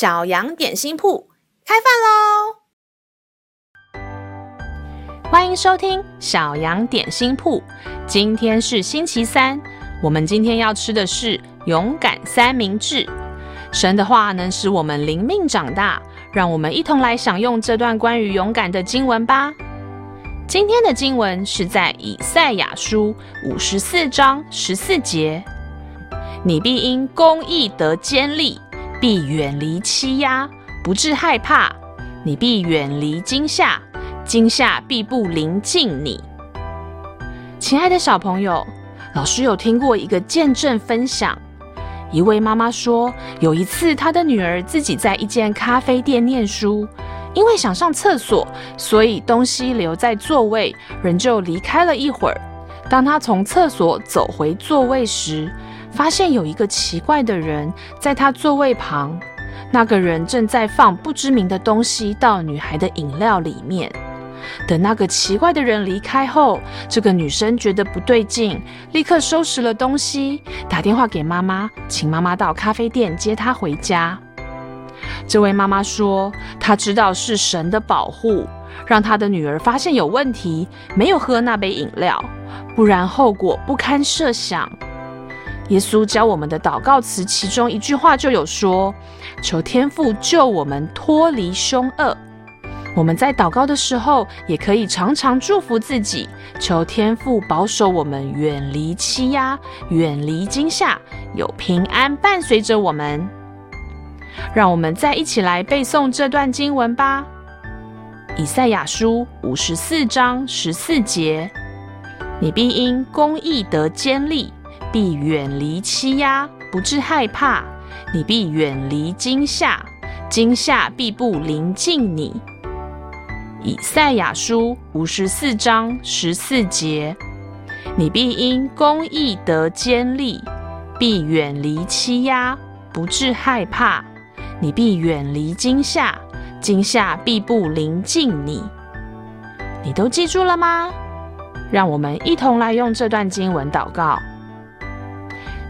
小羊點心鋪開飯嘍！歡迎收聽小羊點心鋪。今天是星期三，我們今天要吃的是勇敢三明治。神的話能使我們靈命長大，讓我們一同來享用這段關於勇敢的經文吧。今天的經文是在以賽亞書五十四章十四節：“你必因公義得堅立。”必遠離欺壓，不致害怕；你必遠離驚嚇，驚嚇必不臨近你。親愛的小朋友，老師有聽過一個見證分享，一位媽媽說，有一次她的女兒自己在一間咖啡店念書，因為想上廁所，所以東西留在座位，人就離開了一會兒。當她從廁所走回座位時，發現有一個奇怪的人在他座位旁，那個人正在放不知名的東西到女孩的飲料裡面。等那個奇怪的人離開後，這個女生覺得不對勁，立刻收拾了東西，打電話給媽媽，請媽媽到咖啡店接她回家。這位媽媽說，她知道是神的保護，讓她的女兒發現有問題，沒有喝那杯飲料，不然後果不堪設想。耶穌教我們的禱告詞，其中一句話就有說：“求天父救我們脫離兇惡。”我們在禱告的時候，也可以常常祝福自己：“求天父保守我們遠離欺壓，遠離驚嚇，有平安伴隨着我們。”讓我們再一起來背誦這段經文吧，《以賽亞書》五十四章十四節：“你必因公義得堅立。”必遠離欺壓，不致害怕；你必遠離驚嚇，驚嚇必不臨近你。以賽亞書五十四章十四節：你必因公義得堅立，必遠離欺壓，不致害怕；你必遠離驚嚇，驚嚇必不臨近你。你都記住了嗎？讓我們一同來用這段經文禱告。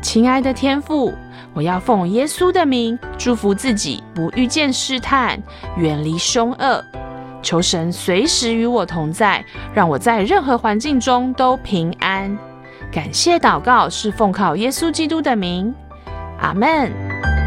親愛的天父，我要奉耶穌的名祝福自己，不遇見試探，遠離凶惡，求神隨時與我同在，讓我在任何環境中都平安。感謝禱告是奉靠耶穌基督的名，阿門。